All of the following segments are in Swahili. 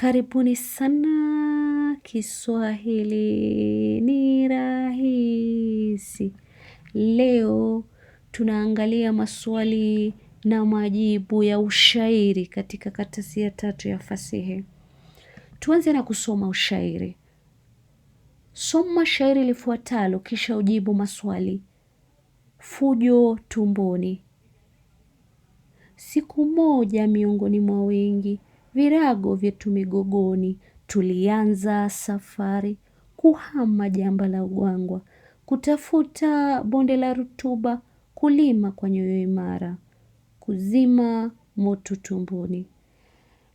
Karibuni sana kiswahili ni rahisi. Leo tunaangalia maswali na majibu ya ushairi katika katasi ya tatu ya fasihi. Tuanze na kusoma ushairi. Soma shairi lifuatalo kisha ujibu maswali. Fujo tumboni. Siku moja miongoni mwa wengi virago vyetu migogoni, tulianza safari, kuhama jamba la Ugwangwa, kutafuta bonde la rutuba, kulima kwa nyoyo imara, kuzima moto tumboni.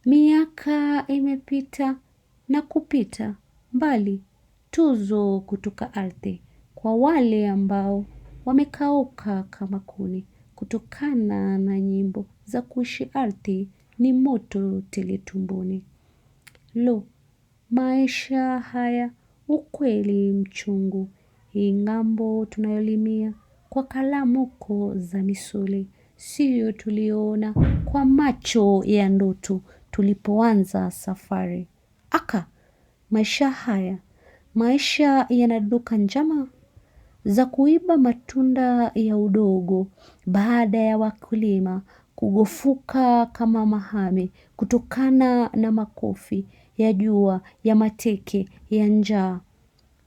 Miaka imepita na kupita mbali, tuzo kutoka ardhi kwa wale ambao wamekauka kama kuni kutokana na nyimbo za kuishi ardhi ni moto tele tumboni. Lo, maisha haya ukweli mchungu, hii ngambo tunayolimia, kwa kalamuko za misuli, siyo tuliyoona kwa macho ya ndoto, tulipoanza safari. Aka, maisha haya, maisha yanaduka njama, za kuiba matunda ya udogo, baada ya wakulima, kugofuka kama mahame, kutokana na makofi ya jua, ya mateke, ya njaa.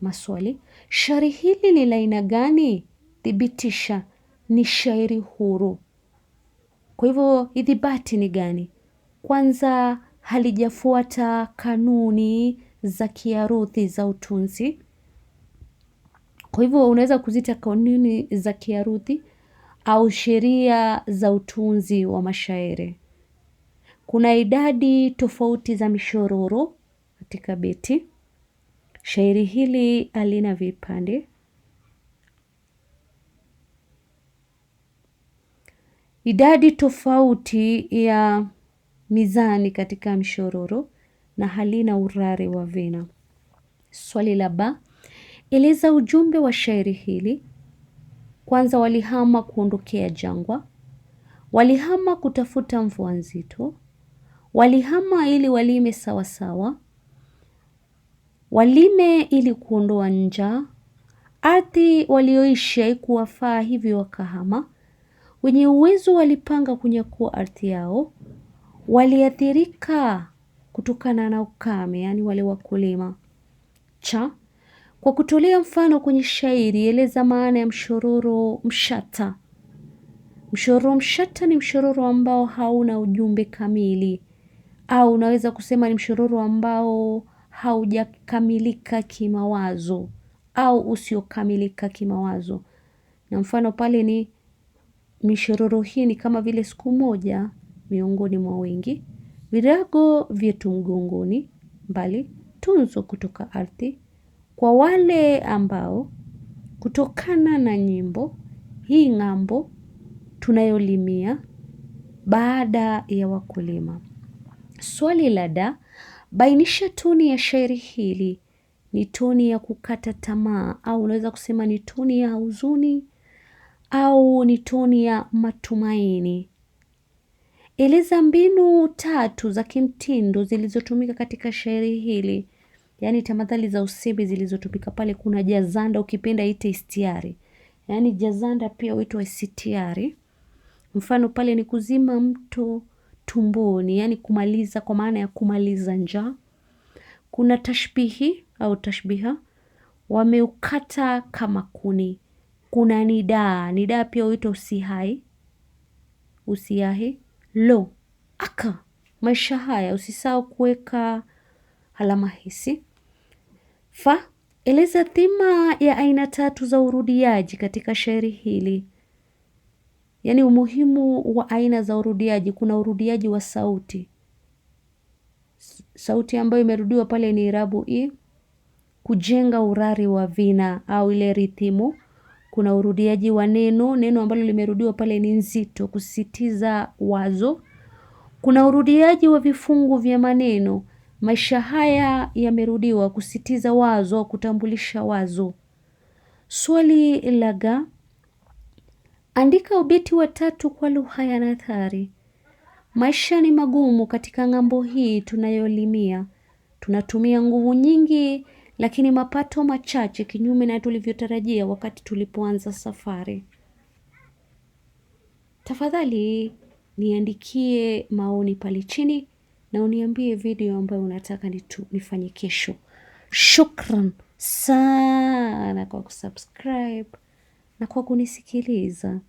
Maswali, shari hili ni la aina gani? Thibitisha, ni shairi huru. Kwa hivyo idhibati ni gani? Kwanza, halijafuata kanuni za kiarudhi za utunzi. Kwa hivyo unaweza kuzita kanuni za kiaruthi au sheria za utunzi wa mashairi. Kuna idadi tofauti za mishororo katika beti. Shairi hili halina vipande. Idadi tofauti ya mizani katika mshororo na halina urari wa vina. Swali la ba, eleza ujumbe wa shairi hili. Kwanza walihama kuondokea jangwa, walihama kutafuta mvua nzito, walihama ili walime sawasawa, walime ili kuondoa njaa. Ardhi walioishi haikuwafaa hivyo wakahama. Wenye uwezo walipanga kunyakua ardhi yao, waliathirika kutokana na ukame, yaani wale wakulima. Cha kwa kutolea mfano kwenye shairi, eleza maana ya mshororo mshata. Mshororo mshata ni mshororo ambao hauna ujumbe kamili, au unaweza kusema ni mshororo ambao haujakamilika kimawazo au usiokamilika kimawazo. Na mfano pale ni mishororo hii ni kama vile siku moja miongoni mwa wengi, virago vyetu mgongoni, mbali tunzo kutoka ardhi, kwa wale ambao, kutokana na nyimbo, hii ng'ambo tunayolimia baada ya wakulima. Swali la da, bainisha toni ya shairi hili ni toni ya kukata tamaa au unaweza kusema ni toni ya huzuni au ni toni ya matumaini. Eleza mbinu tatu za kimtindo zilizotumika katika shairi hili. Yaani tamathali za usemi zilizotupika pale kuna jazanda ukipenda ite istiari. Yaani jazanda pia huitwa istiari Mfano pale ni kuzima mto tumboni, yani kumaliza kwa maana ya kumaliza njaa. Kuna tashbihi au tashbiha, wameukata kama kuni. Kuna nidaa, nidaa pia huitwa usihai, usiahi. Lo, aka, maisha haya, usisahau kuweka alama hisi. Fa, eleza thima ya aina tatu za urudiaji katika shairi hili. Yaani umuhimu wa aina za urudiaji, kuna urudiaji wa sauti. Sauti ambayo imerudiwa pale ni irabu i. Kujenga urari wa vina au ile rithimu. Kuna urudiaji wa neno, neno ambalo limerudiwa pale ni nzito, kusisitiza wazo. Kuna urudiaji wa vifungu vya maneno. Maisha haya yamerudiwa kusitiza wazo, kutambulisha wazo. Swali la ga, andika ubeti wa tatu kwa lugha ya nathari. Maisha ni magumu katika ng'ambo hii tunayolimia. Tunatumia nguvu nyingi lakini mapato machache kinyume na tulivyotarajia wakati tulipoanza safari. Tafadhali niandikie maoni pale chini na uniambie video ambayo unataka nitu, nifanye kesho. Shukran sana kwa kusubscribe na kwa kunisikiliza.